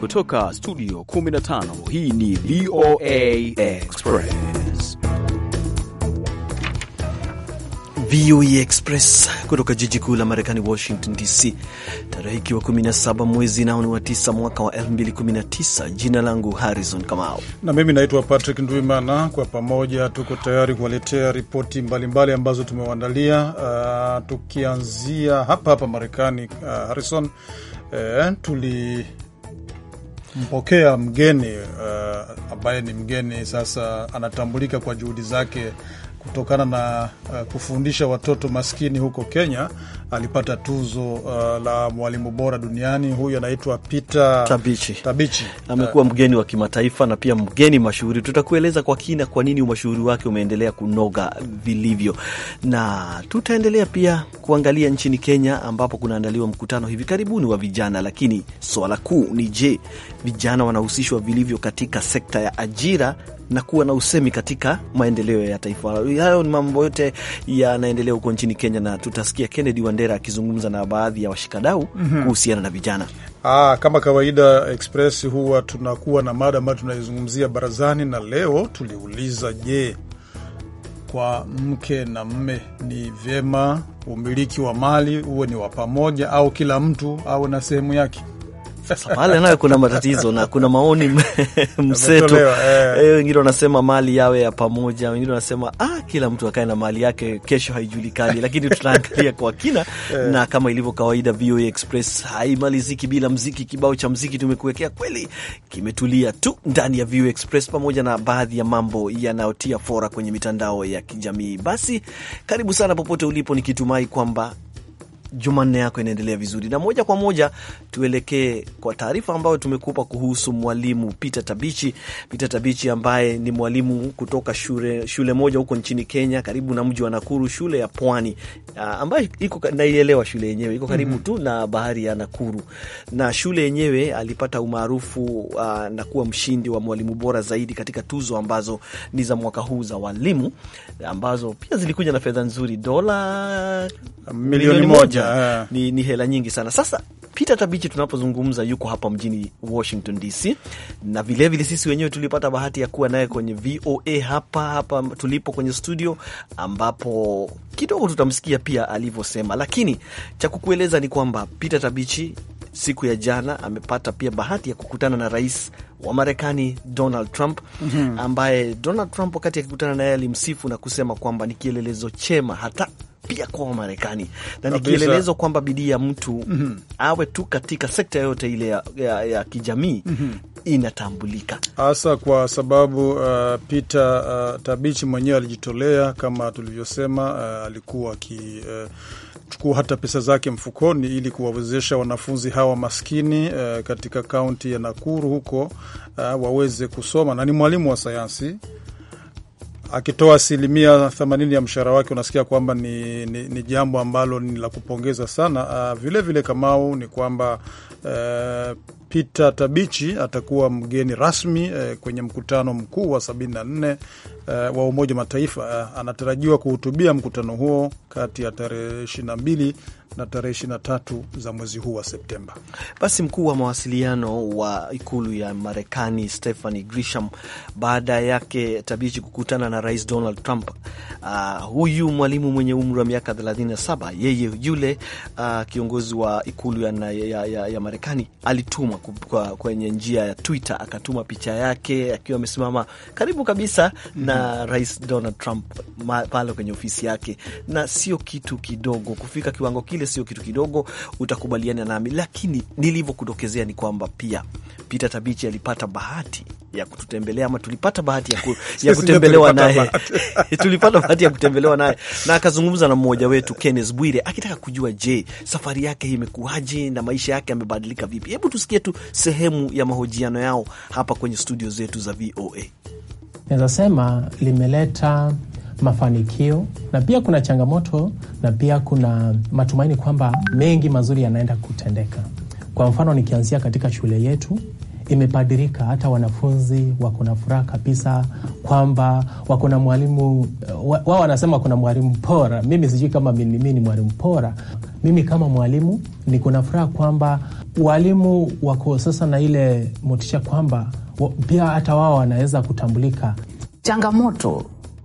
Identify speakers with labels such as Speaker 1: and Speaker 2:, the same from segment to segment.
Speaker 1: Kutoka studio 15 hii ni VOA Express. VOA Express kutoka jiji kuu la Marekani, Washington DC, tarehe ikiwa 17 mwezi nao ni wa 9 mwaka wa 2019. Jina langu Harrison Kamau
Speaker 2: na mimi naitwa Patrick Ndwimana. Kwa pamoja tuko tayari kuwaletea ripoti mbalimbali ambazo tumewaandalia, uh, tukianzia hapa hapa Marekani. Uh, Harrison, uh, tuli mpokea mgeni uh, ambaye ni mgeni sasa, anatambulika kwa juhudi zake kutokana na uh, kufundisha watoto maskini huko Kenya alipata tuzo uh, la mwalimu bora duniani. Huyu anaitwa Peter Tabichi,
Speaker 1: Tabichi. Amekuwa uh, mgeni wa kimataifa na pia mgeni mashuhuri. Tutakueleza kwa kina kwa nini umashuhuri wake umeendelea kunoga vilivyo, na tutaendelea pia kuangalia nchini Kenya ambapo kunaandaliwa mkutano hivi karibuni wa vijana, lakini swala kuu ni je, vijana wanahusishwa vilivyo katika sekta ya ajira na kuwa na usemi katika maendeleo ya taifa. Hayo ni mambo yote yanaendelea huko nchini Kenya na tutasikia Kennedy Mandera akizungumza na baadhi ya washikadau mm -hmm. kuhusiana na vijana.
Speaker 2: Ah, kama kawaida Express huwa tunakuwa na mada ambayo tunaizungumzia barazani, na leo tuliuliza, je, kwa mke na mme ni vyema umiliki wa mali uwe ni wa pamoja au kila mtu awe na sehemu yake? pale nayo kuna matatizo
Speaker 1: na kuna maoni mseto eh. eh. Wengine wanasema mali yawe ya pamoja, wengine wanasema ah, kila mtu akae na mali yake, kesho haijulikani. Lakini tunaangalia kwa kina eh. Na kama ilivyo kawaida, VOA Express haimaliziki bila mziki. Kibao cha mziki tumekuwekea kweli kimetulia tu ndani ya VOA Express, pamoja na baadhi ya mambo yanayotia fora kwenye mitandao ya kijamii. Basi karibu sana popote ulipo, nikitumai kwamba Jumanne yako inaendelea vizuri, na moja kwa moja tuelekee kwa taarifa ambayo tumekupa kuhusu mwalimu Peter Tabichi. Peter Tabichi ambaye ni mwalimu kutoka shule, shule moja huko nchini Kenya karibu na mji wa Nakuru, shule ya Pwani ah, ambayo iko naielewa, shule yenyewe iko karibu mm -hmm. tu na bahari ya Nakuru, na shule yenyewe alipata umaarufu uh, na kuwa mshindi wa mwalimu bora zaidi katika tuzo ambazo ni za mwaka huu za walimu ambazo pia zilikuja na fedha nzuri dola milioni moja yeah. Ni, ni hela nyingi sana. Sasa Peter Tabichi tunapozungumza yuko hapa mjini Washington DC, na vilevile sisi wenyewe tulipata bahati ya kuwa naye kwenye VOA hapa hapa tulipo kwenye studio, ambapo kidogo tutamsikia pia alivyosema, lakini cha kukueleza ni kwamba Peter Tabichi siku ya jana amepata pia bahati ya kukutana na rais wa Marekani Donald Trump, mhm. ambaye Donald Trump wakati akikutana naye alimsifu na kusema kwamba ni kielelezo chema hata pia kwa Wamarekani, na ni kielelezo
Speaker 2: kwamba bidii ya mtu mm -hmm.
Speaker 1: awe tu katika sekta yoyote ile ya, ya, ya kijamii mm -hmm. inatambulika
Speaker 2: hasa kwa sababu uh, Peter uh, Tabichi mwenyewe alijitolea kama tulivyosema, uh, alikuwa aki uh, chukua hata pesa zake mfukoni ili kuwawezesha wanafunzi hawa maskini uh, katika kaunti ya Nakuru huko uh, waweze kusoma na ni mwalimu wa sayansi akitoa asilimia 80 ya mshahara wake, unasikia kwamba ni, ni, ni jambo ambalo ni la kupongeza sana. Vilevile ah, uh, vile Kamau, ni kwamba Eh, Peter Tabichi atakuwa mgeni rasmi uh, kwenye mkutano mkuu wa 74 uh, eh, wa Umoja wa Mataifa. Uh, anatarajiwa kuhutubia mkutano huo kati ya tarehe 22 na tarehe 23 za mwezi huu wa Septemba. Basi mkuu wa mawasiliano wa
Speaker 1: ikulu ya Marekani Stephanie Grisham, baada yake Tabichi kukutana na Rais Donald Trump, uh, huyu mwalimu mwenye umri wa miaka 37, yeye yule uh, kiongozi wa ikulu ya, ya, ya, ya Marekani alitumwa kwenye njia ya Twitter, akatuma picha yake akiwa amesimama karibu kabisa mm -hmm. na Rais Donald Trump pale kwenye ofisi yake, na sio kitu kidogo kufika kiwango kile, sio kitu kidogo, utakubaliana nami. Lakini nilivyokudokezea ni kwamba pia Peter Tabichi alipata bahati ya kututembelea ama tulipata bahati ya, ku, ya kutembelewa naye tulipata bahati ya kutembelewa naye na akazungumza na mmoja wetu Kenneth Bwire akitaka kujua, je, safari yake hii imekuwaje na maisha yake amebadilika yanabadilika vipi. Hebu tusikie tu sehemu ya mahojiano yao hapa kwenye studio zetu za VOA.
Speaker 3: Naweza sema limeleta mafanikio na pia kuna changamoto na pia kuna matumaini kwamba mengi mazuri yanaenda kutendeka. Kwa mfano, nikianzia katika shule yetu imebadirika hata wanafunzi wako na furaha kabisa kwamba wako na mwalimu wao, wanasema kuna mwalimu pora Mimi sijui kama mimi ni mwalimu pora mimi kama mwalimu niko na furaha kwamba walimu wako sasa na ile motisha kwamba pia hata wao wanaweza kutambulika. Changamoto,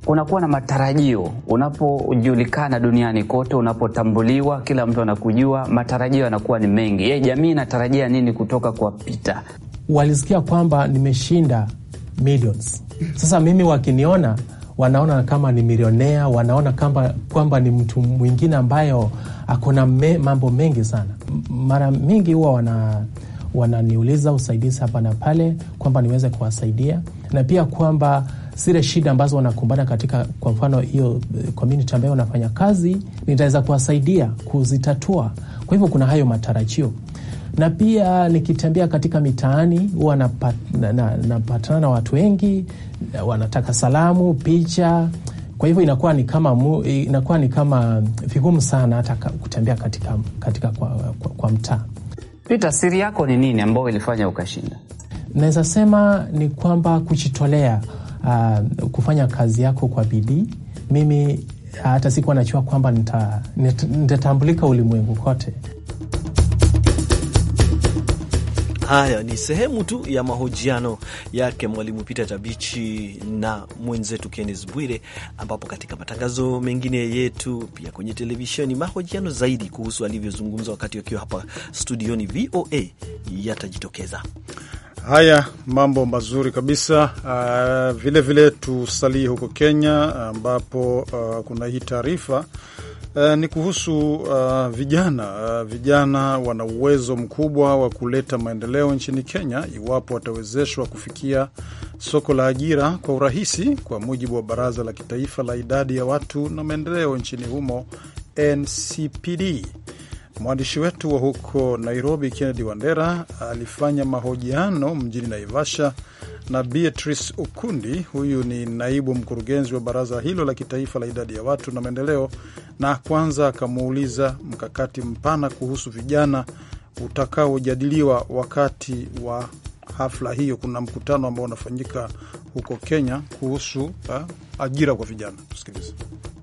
Speaker 4: unakuwa na matarajio unapojulikana duniani kote, unapotambuliwa, kila mtu anakujua, matarajio yanakuwa ni mengi. Ye, jamii inatarajia nini kutoka kwa Pita?
Speaker 3: Walisikia kwamba nimeshinda millions. Sasa mimi wakiniona wanaona kama ni milionea, wanaona kamba, kwamba ni mtu mwingine ambayo na me, mambo mengi sana. Mara mingi huwa wana wananiuliza usaidizi hapa na pale kwamba niweze kuwasaidia na pia kwamba zile shida ambazo wanakumbana katika, kwa mfano, hiyo eh, community ambayo wanafanya kazi, nitaweza kuwasaidia kuzitatua. Kwa hivyo kuna hayo matarajio na pia nikitembea katika mitaani huwa napatana na, na, na, na watu wengi wanataka salamu, picha. Kwa hivyo inakuwa ni kama inakuwa ni kama vigumu sana hata kutembea katika, katika kwa, kwa, kwa mtaa.
Speaker 5: Peter, siri yako ni nini ambayo ilifanya ukashinda?
Speaker 3: Naweza sema ni kwamba kujitolea, uh, kufanya kazi yako kwa bidii. Mimi hata sikuwa najua kwamba nitatambulika ulimwengu kote.
Speaker 1: Haya ni sehemu tu ya mahojiano yake Mwalimu Peter Tabichi na mwenzetu Kennes Bwire, ambapo katika matangazo mengine yetu pia kwenye televisheni, mahojiano zaidi kuhusu alivyozungumza wakati wakiwa hapa studioni VOA yatajitokeza.
Speaker 2: Haya, mambo mazuri kabisa. Vilevile uh, ah, vile tusalii huko Kenya ambapo uh, kuna hii taarifa Uh, ni kuhusu uh, vijana uh, vijana wana uwezo mkubwa wa kuleta maendeleo nchini Kenya iwapo watawezeshwa kufikia soko la ajira kwa urahisi, kwa mujibu wa Baraza la Kitaifa la Idadi ya Watu na Maendeleo nchini humo NCPD. Mwandishi wetu wa huko Nairobi, Kennedy Wandera, alifanya mahojiano mjini Naivasha na Beatrice Ukundi. Huyu ni naibu mkurugenzi wa baraza hilo la kitaifa la idadi ya watu na maendeleo, na kwanza akamuuliza mkakati mpana kuhusu vijana utakaojadiliwa wakati wa hafla hiyo. Kuna mkutano ambao unafanyika huko Kenya kuhusu ha, ah, ajira kwa vijana. Tusikilize.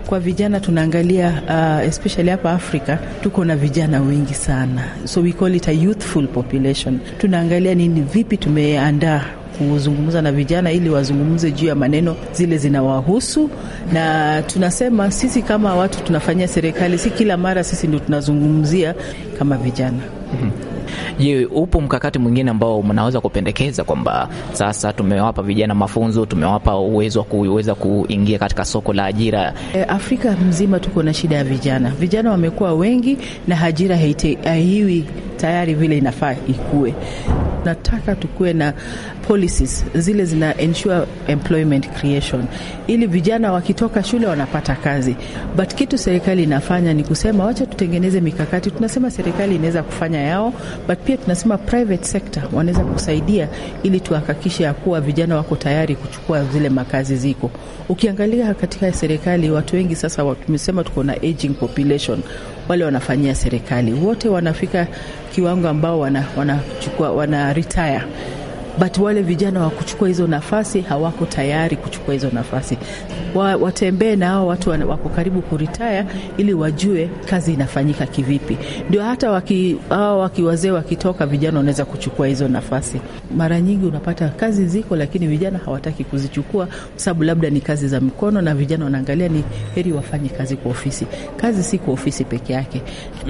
Speaker 4: Kwa vijana tunaangalia, uh, especially hapa Afrika tuko na vijana wengi sana, so we call it a youthful population. Tunaangalia nini, vipi tumeandaa kuzungumza na vijana ili wazungumze juu ya maneno zile zinawahusu, na tunasema sisi kama watu tunafanyia serikali, si kila mara sisi ndio tunazungumzia kama vijana mm -hmm. Je, upo mkakati mwingine ambao mnaweza kupendekeza kwamba sasa tumewapa vijana mafunzo, tumewapa uwezo wa kuweza kuingia katika soko la ajira? E, Afrika mzima tuko na shida ya vijana. Vijana wamekuwa wengi na ajira haiwi tayari vile inafaa ikue. Nataka tukuwe na policies zile zina ensure employment creation, ili vijana wakitoka shule wanapata kazi. But kitu serikali inafanya ni kusema wacha tutengeneze mikakati. Tunasema serikali inaweza kufanya yao, but pia tunasema private sector wanaweza kusaidia ili tuhakikishe ya kuwa vijana wako tayari kuchukua zile makazi ziko. Ukiangalia katika serikali, watu wengi sasa, tumesema tuko na aging population, wale wanafanyia serikali wote wanafika kiwango ambao wanachukua wana, wana retire but wale vijana wa kuchukua hizo nafasi hawako tayari kuchukua hizo nafasi. Wa, watembee na hao watu wako karibu kuritaya ili wajue kazi inafanyika kivipi, ndio hata waki, hao wakiwazee wakitoka, vijana wanaweza kuchukua hizo nafasi. Mara nyingi unapata kazi ziko, lakini vijana hawataki kuzichukua sababu labda ni kazi za mikono, na vijana wanaangalia ni heri wafanye kazi kwa ofisi. Kazi si kwa ofisi peke yake.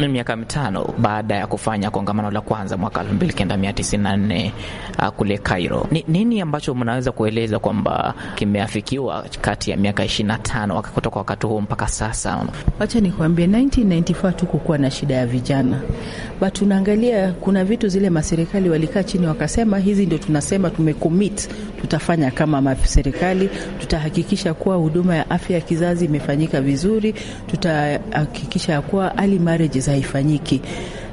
Speaker 4: Miaka mitano baada ya kufanya kongamano la kwanza mwaka 1994 uh, kule Cairo. Ni nini ambacho mnaweza kueleza kwamba kimeafikiwa kati ya miaka 25 kutoka wakati huo mpaka sasa? Wacha nikuambie, 1994 tukukuwa na shida ya vijana, but tunaangalia kuna vitu zile maserikali walikaa chini wakasema, hizi ndio tunasema tumecommit, tutafanya kama maserikali, tutahakikisha kuwa huduma ya afya ya kizazi imefanyika vizuri, tutahakikisha kuwa early marriages haifanyiki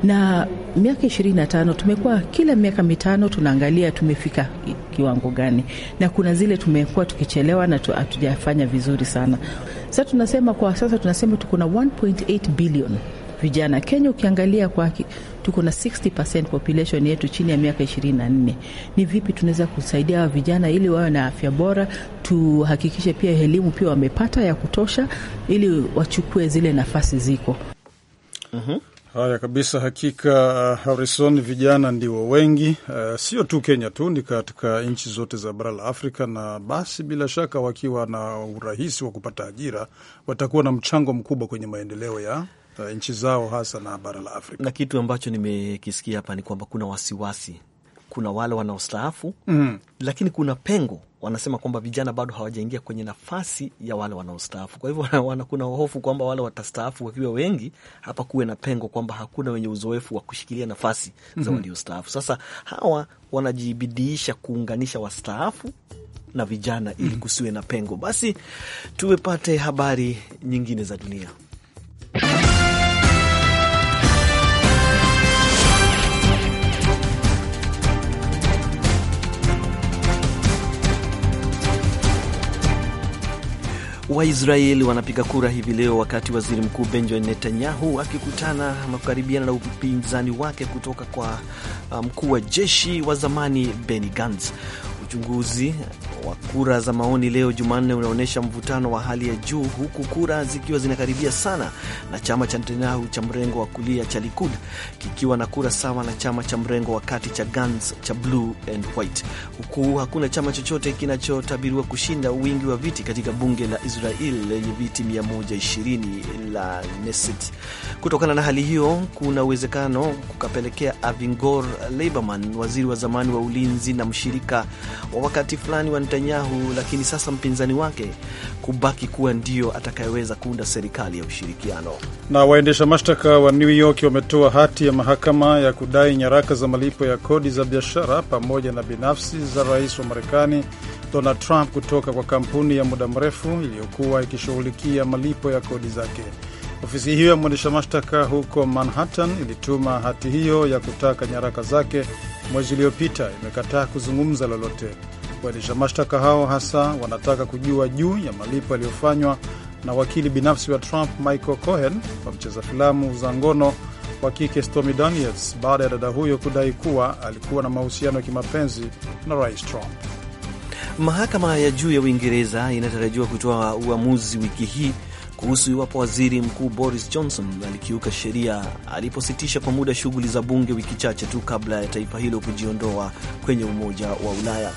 Speaker 4: na miaka tano tumekuwa kila miaka mitano tunaangalia tumefika kiwango gani, na kuna zile tumekuwa tukichelewa na hatujafanya vizuri sana. Sasa tunasema kwa sasa tunasema tuko na 1.8 vijana Kenya. Ukiangalia kwa tuko na 60% population yetu chini ya miaka 24. Ni vipi tunaweza kusaidia hawa vijana ili wawe na afya bora? Tuhakikishe pia elimu pia wamepata ya kutosha, ili wachukue zile nafasi ziko.
Speaker 2: uh mhm. -huh. Haya kabisa, hakika harison uh, Harrison, vijana ndio wengi uh, sio tu Kenya tu, ni katika nchi zote za bara la Afrika, na basi bila shaka wakiwa na urahisi wa kupata ajira watakuwa na mchango mkubwa kwenye maendeleo ya uh, nchi zao hasa na bara la Afrika. Na kitu ambacho nimekisikia
Speaker 1: hapa ni kwamba kuna wasiwasi,
Speaker 2: kuna wale wanaostaafu
Speaker 1: mm, lakini kuna pengo wanasema kwamba vijana bado hawajaingia kwenye nafasi ya wale wanaostaafu. Kwa hivyo wana, kuna hofu kwamba wale watastaafu wakiwa wengi, hapa kuwe na pengo kwamba hakuna wenye uzoefu wa kushikilia nafasi mm -hmm. za mhm. waliostaafu. Sasa hawa wanajibidiisha kuunganisha wastaafu na vijana ili mhm. kusiwe na pengo. Basi tuwepate habari nyingine za dunia. Waisraeli wanapiga kura hivi leo wakati waziri mkuu Benjamin Netanyahu akikutana ama kukaribiana na upinzani wake kutoka kwa uh, mkuu wa jeshi wa zamani Benny Gantz. Uchunguzi wa kura za maoni leo Jumanne unaonyesha mvutano wa hali ya juu, huku kura zikiwa zinakaribia sana, na chama cha Netanyahu cha mrengo wa kulia cha Likud kikiwa na kura sawa na chama cha mrengo wa kati cha Gans cha Blue and White, huku hakuna chama chochote kinachotabiriwa kushinda wingi wa viti katika bunge la Israel lenye viti 120 la Neset. Kutokana na hali hiyo, kuna uwezekano kukapelekea Avigdor Lieberman, waziri wa zamani wa ulinzi na mshirika wa wakati fulani wa Netanyahu, lakini sasa mpinzani wake kubaki kuwa ndio atakayeweza kuunda serikali ya ushirikiano.
Speaker 2: Na waendesha mashtaka wa New York wametoa hati ya mahakama ya kudai nyaraka za malipo ya kodi za biashara pamoja na binafsi za rais wa Marekani Donald Trump kutoka kwa kampuni ya muda mrefu iliyokuwa ikishughulikia malipo ya kodi zake. Ofisi hiyo ya mwendesha mashtaka huko Manhattan ilituma hati hiyo ya kutaka nyaraka zake mwezi uliopita, imekataa kuzungumza lolote. Waendesha mashtaka hao hasa wanataka kujua juu ya malipo yaliyofanywa na wakili binafsi wa Trump Michael Cohen kwa mcheza filamu za ngono wa kike Stormy Daniels baada ya dada huyo kudai kuwa alikuwa na mahusiano ya kimapenzi na Rais Trump.
Speaker 1: Mahakama ya juu ya Uingereza inatarajiwa kutoa uamuzi wiki hii kuhusu iwapo waziri mkuu Boris Johnson alikiuka sheria alipositisha kwa muda shughuli za bunge wiki chache tu kabla ya taifa hilo kujiondoa kwenye Umoja wa Ulaya.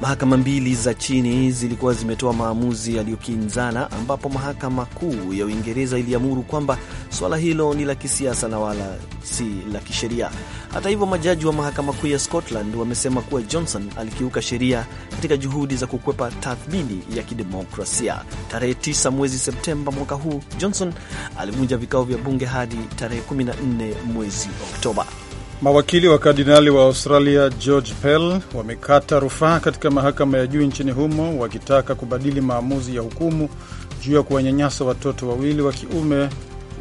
Speaker 1: Mahakama mbili za chini zilikuwa zimetoa maamuzi yaliyokinzana, ambapo mahakama kuu ya Uingereza iliamuru kwamba swala hilo ni la kisiasa na wala si la kisheria. Hata hivyo, majaji wa mahakama kuu ya Scotland wamesema kuwa Johnson alikiuka sheria katika juhudi za kukwepa tathmini ya kidemokrasia. Tarehe 9 mwezi Septemba mwaka huu, Johnson alivunja vikao vya bunge hadi tarehe 14 mwezi
Speaker 2: Oktoba. Mawakili wa kardinali wa Australia George Pell wamekata rufaa katika mahakama ya juu nchini humo wakitaka kubadili maamuzi ya hukumu juu ya kuwanyanyasa watoto wawili wa kiume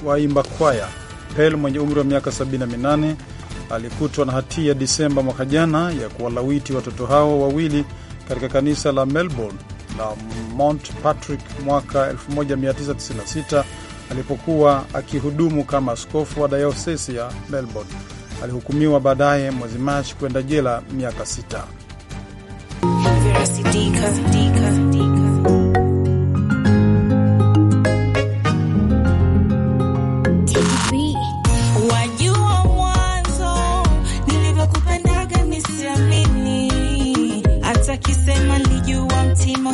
Speaker 2: waimba kwaya. Pell mwenye umri wa miaka 78 alikutwa na hatia Disemba mwaka jana ya kuwalawiti watoto hao wawili katika kanisa la Melbourne la Mount Patrick mwaka 1996 alipokuwa akihudumu kama askofu wa dayosesi ya Melbourne alihukumiwa baadaye mwezi Machi kwenda jela miaka sita.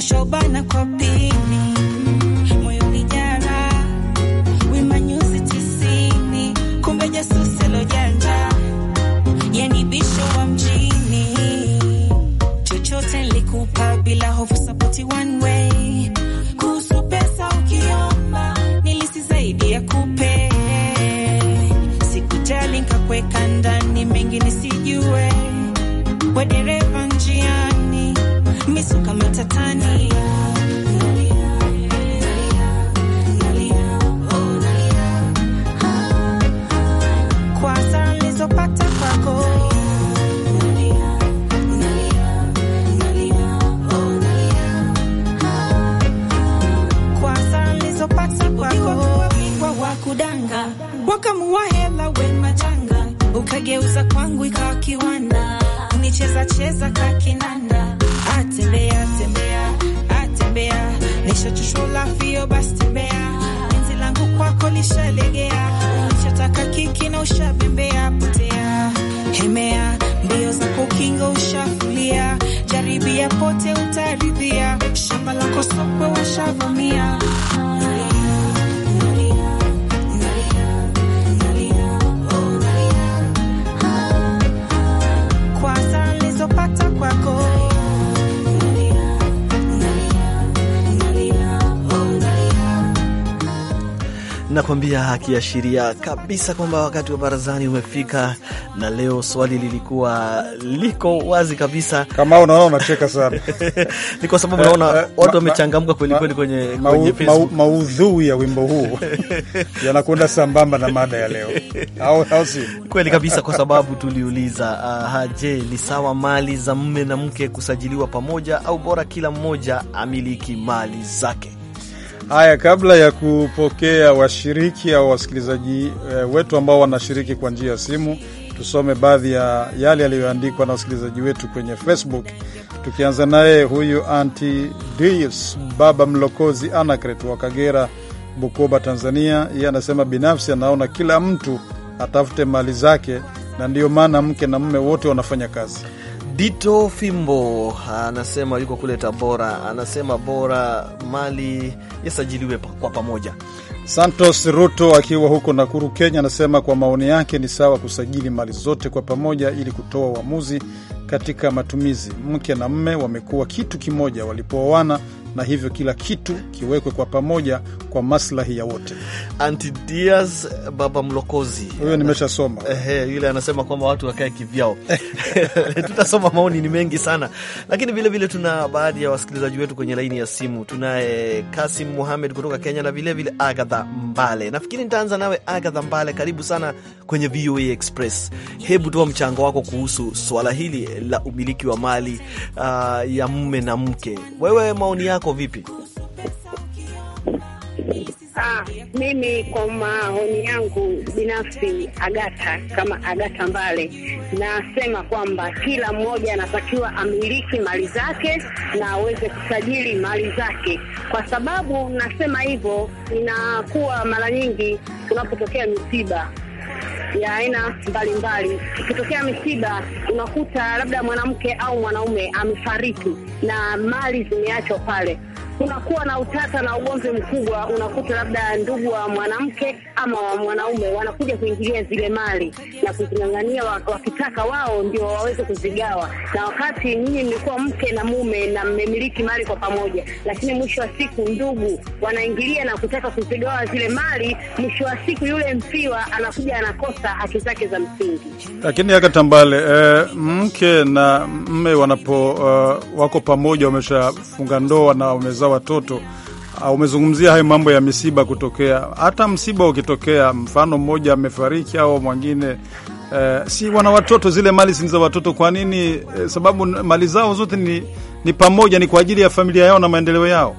Speaker 6: Shobana kwa pia Umegeuza kwangu ikawa kiwanda, unicheza cheza kakinanda, atembea tembea, atembea nishachoshulafio basi tembea, enzi langu kwako lishalegea, unichataka kiki na ushabembea, potea hemea, mbio za kukinga ushafulia, jaribia pote utaridhia, shamba lako sokwe washavamia
Speaker 1: nakwambia, akiashiria kabisa kwamba wakati wa barazani umefika, na leo swali lilikuwa liko wazi kabisa. Kama unaona unacheka sana ni kwa sababu naona eh, eh, watu wamechangamka kweli kweli kwenye,
Speaker 2: maudhui ya wimbo huu yanakwenda sambamba na mada ya
Speaker 1: leo au, au si kweli kabisa, kwa sababu tuliuliza uh, je, ni sawa mali za mme na mke kusajiliwa pamoja au bora kila mmoja amiliki mali zake?
Speaker 2: Haya, kabla ya kupokea washiriki au wasikilizaji e, wetu ambao wanashiriki kwa njia ya simu, tusome baadhi ya yale yaliyoandikwa na wasikilizaji wetu kwenye Facebook, tukianza naye huyu Anti Dius Baba Mlokozi Anacret wa Kagera, Bukoba, Tanzania. Yeye anasema binafsi anaona kila mtu atafute mali zake, na ndiyo maana mke na mume wote wanafanya kazi. Dito Fimbo anasema yuko kule Tabora, anasema bora mali yasajiliwe kwa pamoja. Santos Ruto akiwa huko Nakuru, Kenya, anasema kwa maoni yake ni sawa kusajili mali zote kwa pamoja ili kutoa uamuzi katika matumizi. Mke na mme wamekuwa kitu kimoja walipooana, na hivyo kila kitu kiwekwe kwa pamoja kwa maslahi ya wote. Antidias Baba Mlokozi huyo
Speaker 1: nimeshasoma yule anasema kwamba watu wakae kivyao. Tutasoma maoni, ni mengi sana lakini vilevile tuna baadhi ya wasikilizaji wetu kwenye laini ya simu. Tunaye eh, Kasim Muhamed kutoka Kenya na vilevile Agadha Mbale. Nafikiri nitaanza nawe Agadha Mbale, karibu sana kwenye VOA Express. Hebu toa mchango wako kuhusu swala hili la umiliki wa mali uh, ya mume na mke. Wewe maoni yako yako vipi?
Speaker 5: Ah, mimi kwa maoni yangu binafsi, Agata kama Agata Mbale, nasema kwamba kila mmoja anatakiwa amiliki mali zake na aweze kusajili mali zake. Kwa sababu nasema hivyo, inakuwa mara nyingi tunapotokea misiba ya aina mbalimbali. Ikitokea misiba, unakuta labda mwanamke au mwanaume amefariki na mali zimeachwa pale kunakuwa na utata na ugomvi mkubwa, unakuta labda ndugu wa mwanamke ama wa mwanaume wanakuja kuingilia zile mali na kuzingangania wakitaka wao ndio waweze kuzigawa, na wakati nyinyi mlikuwa mke na mume na mmemiliki mali kwa pamoja, lakini mwisho wa siku ndugu wanaingilia na kutaka kuzigawa zile mali. Mwisho wa siku yule mfiwa anakuja anakosa haki zake za msingi.
Speaker 2: Lakini aka tambale eh, mke na mme wanapo uh, wako pamoja, wameshafunga ndoa na wameza kuzaa watoto. Uh, umezungumzia hayo mambo ya misiba kutokea. Hata msiba ukitokea, mfano mmoja amefariki au mwingine Uh, si wana watoto, zile mali si za watoto. Kwa nini? Eh, sababu mali zao zote ni, ni pamoja, ni kwa ajili ya familia yao na maendeleo yao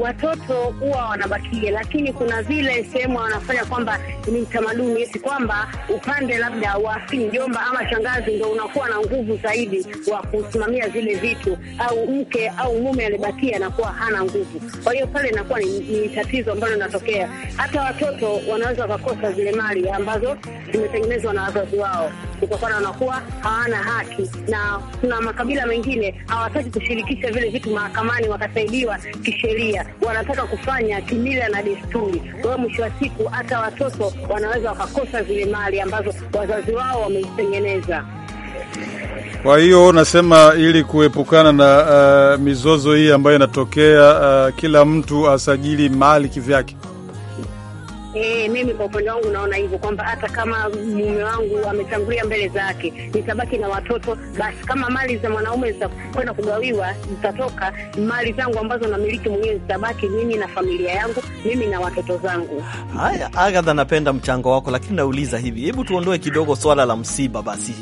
Speaker 5: watoto huwa wanabakia, lakini kuna vile sehemu wanafanya kwamba ni utamaduni esi kwamba upande labda wa mjomba ama shangazi ndo unakuwa na nguvu zaidi wa kusimamia zile vitu, au mke au mume alibakia anakuwa hana nguvu. Kwa hiyo pale inakuwa ni, ni tatizo ambalo linatokea. Hata watoto wanaweza wakakosa zile mali ambazo zimetengenezwa na wazazi wao kutokana wanakuwa hawana haki, na kuna makabila mengine hawataki kushirikisha vile vitu mahakamani wakasaidiwa kisheria, wanataka kufanya kimila na desturi. Kwa hiyo mwisho wa siku hata watoto wanaweza wakakosa zile mali ambazo wazazi wao wamezitengeneza.
Speaker 2: Kwa hiyo unasema ili kuepukana na uh, mizozo hii ambayo inatokea uh, kila mtu asajili mali kivyake.
Speaker 5: E, mimi kwa upande wangu naona hivyo kwamba hata kama mume wangu ametangulia mbele zake, nitabaki na watoto basi. Kama mali za mwanaume zitakwenda kugawiwa, zitatoka mali zangu ambazo namiliki mwenyewe, zitabaki mimi na familia yangu, mimi na watoto zangu.
Speaker 1: Haya, Agatha, napenda mchango wako, lakini nauliza hivi, hebu tuondoe kidogo swala la msiba basi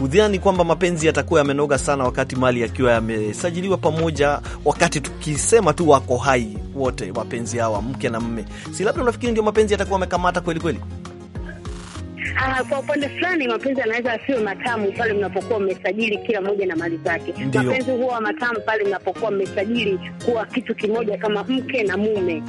Speaker 1: hudhani kwamba mapenzi yatakuwa yamenoga sana wakati mali yakiwa yamesajiliwa pamoja, wakati tukisema tu wako hai, wote wapenzi hawa, mke na mme, si labda unafikiri ndio mapenzi yatakuwa amekamata kweli kweli?
Speaker 5: Uh, kwa upande fulani mapenzi yanaweza asiwe matamu pale mnapokuwa mmesajili kila mmoja na mali zake. Mapenzi huwa matamu pale mnapokuwa mmesajili kuwa kitu kimoja kama mke na mume,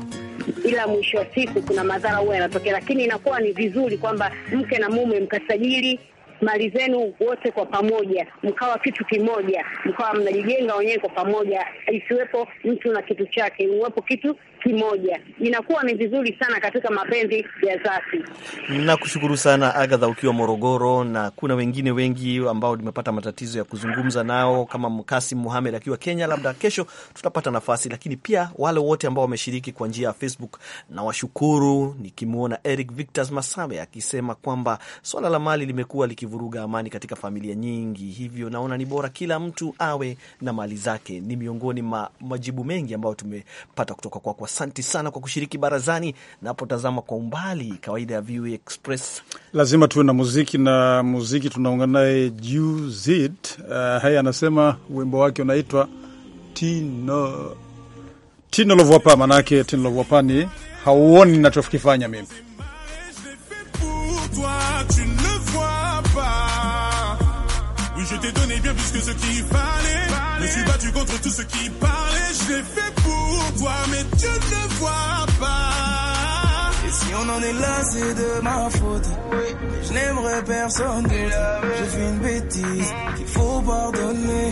Speaker 5: ila mwisho wa siku kuna madhara huwa yanatokea, lakini inakuwa ni vizuri kwamba mke na mume mkasajili mali zenu wote kwa pamoja, mkawa kitu kimoja, mkawa mnajijenga wenyewe kwa pamoja, isiwepo mtu na kitu chake, uwepo kitu kimoja. Inakuwa ni vizuri sana katika mapenzi ya dhati.
Speaker 1: Nakushukuru sana Agatha, ukiwa Morogoro, na kuna wengine wengi ambao nimepata matatizo ya kuzungumza nao kama Mkasim Muhamed akiwa Kenya. Labda kesho tutapata nafasi, lakini pia wale wote ambao wameshiriki kwa njia ya Facebook na washukuru, nikimwona Eric Victor Masame akisema kwamba swala la mali limekuwa liki kivuruga amani katika familia nyingi, hivyo naona ni bora kila mtu awe na mali zake. Ni miongoni ma majibu mengi ambayo tumepata kutoka kwako. Asanti sana kwa kushiriki barazani. Napotazama kwa umbali, kawaida ya VOA Express
Speaker 2: lazima tuwe na muziki, na muziki tunaungana naye Juz uh, eh, haya anasema wimbo wake unaitwa Tino Tino Lovwapa, manake Tino Lovwapa ni hauoni nachokifanya mimi
Speaker 7: t'ai donné bien plus que ce qu'il fallait. Je me suis battu contre tout ce qui parlait. Je l'ai fait pour toi, mais
Speaker 8: tu ne le vois pas. Et si on en est là, c'est de ma faute. Mais Je n'aimerais personne d'autre. J'ai fait une bêtise qu'il faut pardonner.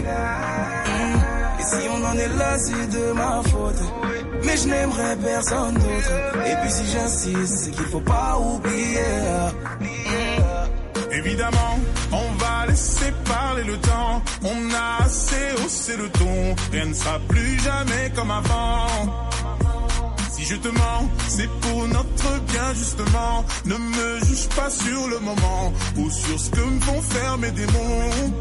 Speaker 8: Et si on en est là, c'est de ma faute. Mais je n'aimerais personne d'autre. Et puis si j'insiste, c'est qu'il faut pas oublier. Évidemment, on va laisser parler le temps.
Speaker 7: On a assez haussé le ton. Rien ne sera plus jamais comme avant. Si je te mens, c'est pour notre bien justement. Ne me juge pas sur le moment ou sur ce que vont faire mes démons.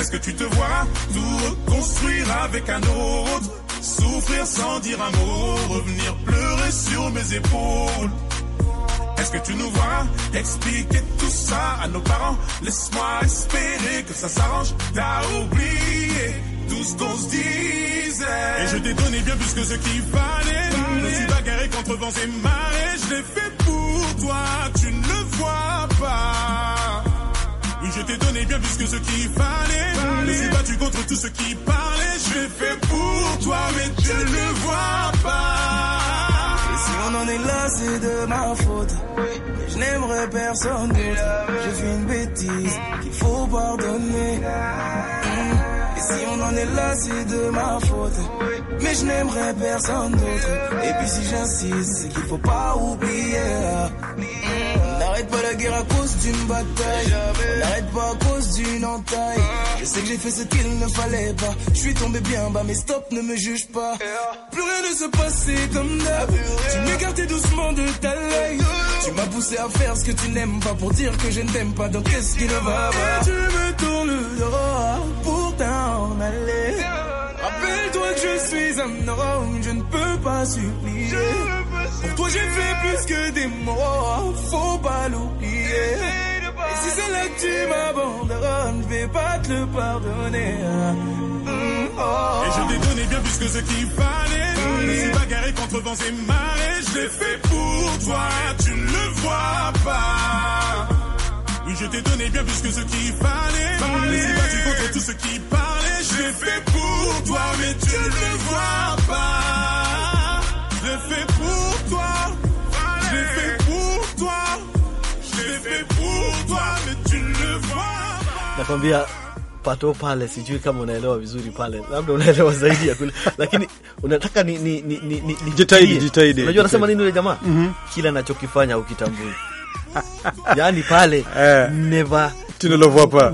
Speaker 7: Est-ce que tu te vois tout reconstruire avec un autre Souffrir sans dire un mot, revenir pleurer sur mes épaules que tu nous vois expliquer tout ça à nos parents. Laisse-moi espérer que ça s'arrange. T'as oublié tout ce qu'on se disait. Et je t'ai donné bien plus que ce qu'il fallait. Je me suis bagarré contre vents et marées. Je l'ai fait pour toi, tu ne le vois pas. Oui, je t'ai donné bien plus que ce qu'il fallait.
Speaker 8: fallait. Je me suis battu contre tout ce qui parlait. Je l'ai fait pour toi, mais tu ne le vois pas on en est là, c'est de ma faute. Mais je n'aimerais personne. d'autre J'ai fait une bêtise qu'il faut pardonner. Et si on en est là, c'est de ma faute. Mais je n'aimerais personne d'autre. Et puis si j'insiste, c'est qu'il faut pas oublier à cause d'une bataille. On n'arrête pas à cause d'une entaille. Je sais que j'ai fait ce qu'il ne fallait pas. Je suis tombé bien bas, mais stop, ne me juge pas. Plus rien ne se passait comme d'hab. Tu m'écartais doucement de ta life. Tu m'as poussé à faire ce que tu n'aimes pas pour dire que je ne t'aime pas. Donc qu'est-ce qui ne va pas Tu me tournes le dos pour t'en aller. Rappelle-toi que je suis un homme, je ne peux pas supplier. Pour toi, j'ai fait plus que des mots, faut pas l'oublier. Et si c'est là que tu m'abandonnes, je vais pas te le pardonner. Mm, oh. Et je t'ai donné bien plus que ce qui fallait. Je me
Speaker 7: suis garé contre vents et marées. Je l'ai fait pour toi, tu ne le vois pas. Oui, je t'ai donné bien plus que ce qu'il fallait. Je me suis battu contre tout ce qui parlait. Je l'ai fait pour toi, mais tu ne le vois pas. Je
Speaker 1: nakwambia pato pale, sijui kama unaelewa vizuri pale, labda unaelewa zaidi ya kule, lakini unataka ni ni ni, ni, ni jitahidi jitahidi. Unajua anasema nini yule jamaa? mm -hmm. Kila anachokifanya ukitambui yani pale eh. never Christine Lovo hapa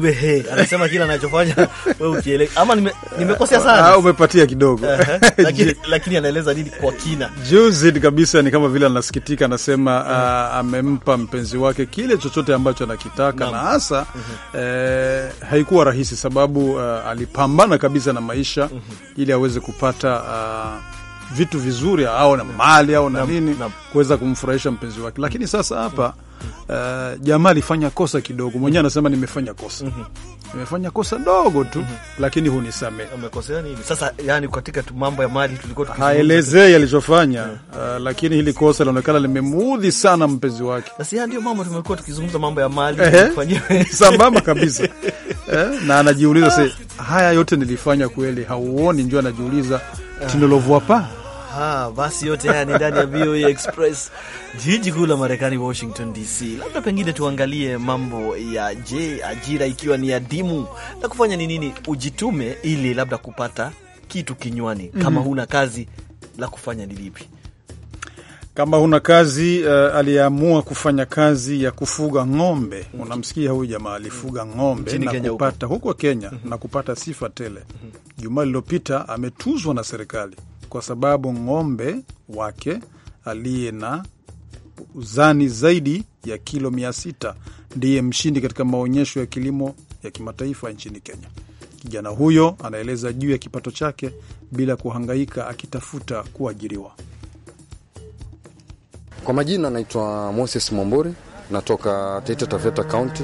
Speaker 1: anasema kila anachofanya wewe ukielewa, ama nimekosea ah, sana
Speaker 2: umepatia kidogo,
Speaker 1: lakini lakini anaeleza nini kwa kina
Speaker 2: juzi kabisa, ni kama vile anasikitika, anasema mm ah, amempa mpenzi wake kile chochote ambacho anakitaka na hasa mm-hmm. eh, haikuwa rahisi sababu uh, alipambana kabisa na maisha mm-hmm. ili aweze kupata uh, vitu vizuri au na mali au na nini kuweza kumfurahisha mpenzi wake, lakini sasa hapa mm -hmm uh, jamaa alifanya kosa kidogo, mwenyewe mhm. anasema nimefanya kosa mm -hmm. nimefanya kosa dogo tu mm -hmm. lakini hunisamehe. nini sasa? Yani katika mambo ya mali tulikuwa haelezei alichofanya eh. uh, lakini hili kosa linaonekana limemuudhi sana mpenzi wake. Sasa ndio mambo
Speaker 1: tumekuwa tukizungumza mambo ya mali
Speaker 2: sambamba kabisa eh, na anajiuliza sasa, haya yote nilifanya kweli? Hauoni? Ndio anajiuliza tinolovua pa
Speaker 1: Aha, basi yote haya ni ndani ya VOA Express, jiji kuu la Marekani, Washington DC. Labda pengine tuangalie mambo ya je, ajira ikiwa ni adimu na kufanya ni nini ujitume ili labda kupata kitu kinywani kama mm -hmm. huna kazi la kufanya ni lipi?
Speaker 2: Kama huna kazi uh, aliyeamua kufanya kazi ya kufuga ng'ombe. Unamsikia huyu jamaa alifuga mm. ng'ombe na kupata huko Kenya mm-hmm. na kupata sifa tele. Mm-hmm. Juma lililopita ametuzwa na serikali kwa sababu ng'ombe wake aliye na uzani zaidi ya kilo mia sita ndiye mshindi katika maonyesho ya kilimo ya kimataifa nchini Kenya. Kijana huyo anaeleza juu ya kipato chake bila kuhangaika akitafuta kuajiriwa.
Speaker 9: Kwa majina anaitwa Moses Mwamburi, natoka Taita Taveta County.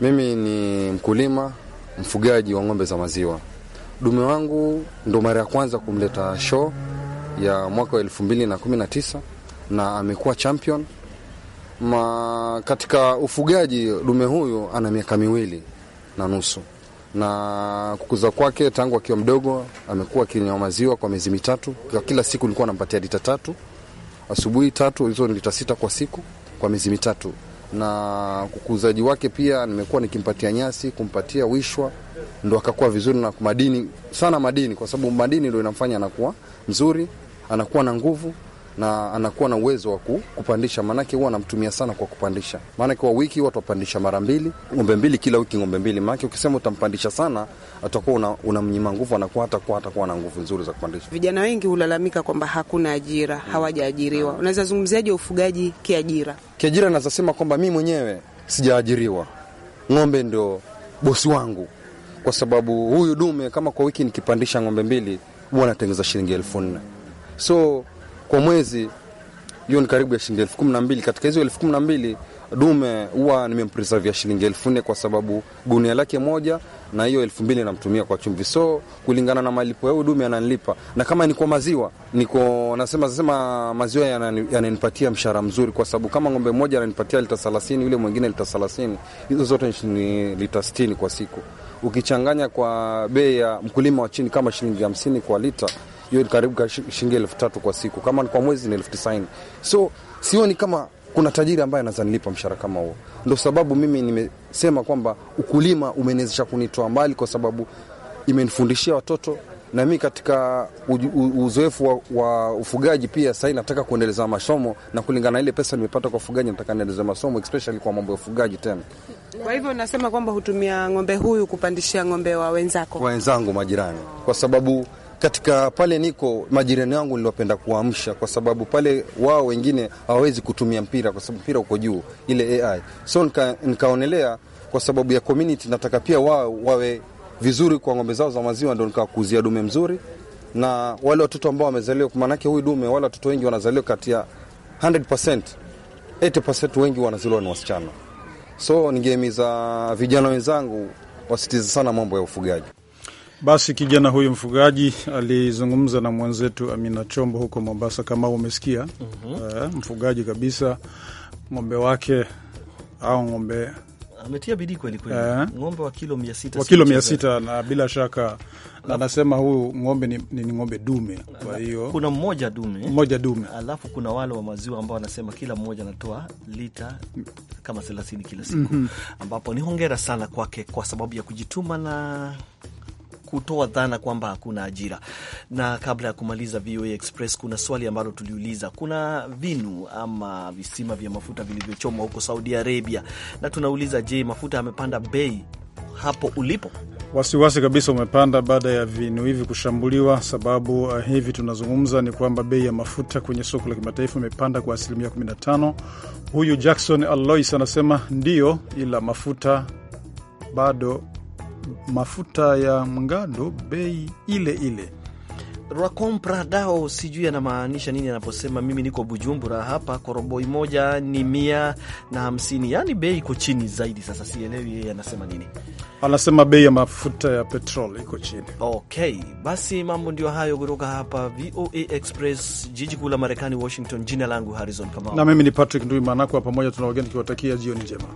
Speaker 9: Mimi ni mkulima mfugaji wa ng'ombe za maziwa. Dume wangu ndo mara ya kwanza kumleta show ya mwaka wa elfu mbili na kumi na tisa na amekuwa champion ma katika ufugaji. Dume huyu ana miaka miwili na nusu, na kukuza kwake tangu akiwa mdogo amekuwa akinywa maziwa kwa miezi mitatu. Kwa kila siku nilikuwa nampatia lita tatu asubuhi, tatu hizo ni lita sita kwa siku kwa miezi mitatu na ukuzaji wake pia nimekuwa nikimpatia nyasi, kumpatia wishwa, ndo akakuwa vizuri, na madini sana, madini kwa sababu madini ndo inamfanya anakuwa mzuri, anakuwa na nguvu na anakuwa na uwezo wa kupandisha, maanake huwa anamtumia sana kwa kupandisha. Maanake kwa wiki huwa tutapandisha mara mbili, ng'ombe mbili kila wiki, ng'ombe mbili. Maanake ukisema utampandisha sana, atakuwa unamnyima una nguvu, anakuwa hatakuwa hatakuwa na nguvu nzuri za kupandisha.
Speaker 6: Vijana wengi hulalamika kwamba hakuna ajira, hawajaajiriwa. Ah. Unaweza zungumziaje ufugaji kiajira?
Speaker 9: Kiajira naweza sema kwamba mi mwenyewe sijaajiriwa, ng'ombe ndio bosi wangu, kwa sababu huyu dume kama kwa wiki nikipandisha ng'ombe mbili huwa anatengeza shilingi elfu nne so kwa mwezi, hiyo ni karibu ya shilingi elfu kumi na mbili. Katika hizo elfu kumi na mbili dume huwa nimempreservia shilingi elfu nne kwa sababu gunia lake moja na hiyo elfu mbili namtumia kwa chumvi. So kulingana na malipo ya huyu dume ananilipa, na kama ni kwa maziwa niko nasema sema maziwa yananipatia yana mshahara mzuri, kwa sababu kama ng'ombe mmoja ananipatia lita 30, yule mwingine lita 30, hizo zote ni lita 60 kwa siku. Ukichanganya kwa bei ya mkulima wa chini kama shilingi hamsini kwa lita hiyo ni karibu shilingi elfu tatu kwa siku, kama ni kwa mwezi ni elfu tisaini. So sioni kama kuna tajiri ambaye anaweza nilipa mshahara kama huo. Ndo sababu mimi nimesema kwamba ukulima umeniwezesha kunitoa mbali, kwa sababu imenifundishia watoto na mi katika uzoefu wa, wa ufugaji pia. Sahii nataka kuendeleza masomo na kulingana na ile pesa nimepata kwa ufugaji, nataka niendeleza masomo especially kwa mambo ya ufugaji tena.
Speaker 6: Kwa hivyo nasema kwamba hutumia ng'ombe huyu kupandishia ng'ombe
Speaker 9: wa wenzako, wenzangu, majirani, kwa sababu katika pale niko majirani yangu niliwapenda kuamsha, kwa sababu pale wao wengine hawawezi kutumia mpira kwa sababu mpira uko juu ile AI. So nika, nikaonelea kwa sababu ya community, nataka pia wao wawe vizuri kwa ng'ombe zao za maziwa, ndo nikawakuzia dume mzuri na wale watoto ambao wamezaliwa, maanake huyu dume, wale watoto wengi wanazaliwa kati ya 100%, 80% wengi wanazaliwa ni wasichana. So ningehimiza vijana wenzangu wasitize sana mambo ya ufugaji.
Speaker 2: Basi kijana huyu mfugaji alizungumza na mwenzetu Amina Chombo huko Mombasa, kama umesikia. mm -hmm. Uh, mfugaji kabisa, ng'ombe wake au ng'ombe ametia bidii kweli kweli, eh? ng'ombe wa kilo mia sita wa kilo mia sita na bila shaka na anasema huyu ng'ombe ni, ni, ng'ombe dume. Kwa hiyo kuna mmoja dume, mmoja dume,
Speaker 1: alafu kuna wale wa maziwa ambao wanasema kila mmoja anatoa lita kama thelathini kila siku mm -hmm. ambapo ni hongera sana kwake kwa sababu ya kujituma na kutoa dhana kwamba hakuna ajira. Na kabla ya kumaliza VOA Express, kuna swali ambalo tuliuliza, kuna vinu ama visima vya mafuta vilivyochomwa huko Saudi Arabia, na tunauliza je, mafuta yamepanda bei hapo ulipo?
Speaker 2: Wasiwasi wasi kabisa umepanda baada ya vinu hivi kushambuliwa. Sababu uh, hivi tunazungumza ni kwamba bei ya mafuta kwenye soko la kimataifa imepanda kwa asilimia 15. Huyu Jackson Alois anasema ndiyo, ila mafuta bado mafuta ya mgando bei ile ile. Rwacom sijui
Speaker 1: anamaanisha nini anaposema mimi niko Bujumbura hapa koroboi moja ni mia na hamsini, yaani bei iko chini zaidi. Sasa sielewi yeye anasema nini.
Speaker 2: Anasema bei ya mafuta ya petrol iko chini.
Speaker 1: Okay, basi mambo ndio hayo kutoka hapa VOA Express, jiji kuu la Marekani, Washington. Jina langu Harrison Kamau na mimi
Speaker 2: ni Patrick Ndwimana, kwa pamoja tunawageni tukiwatakia jioni njema.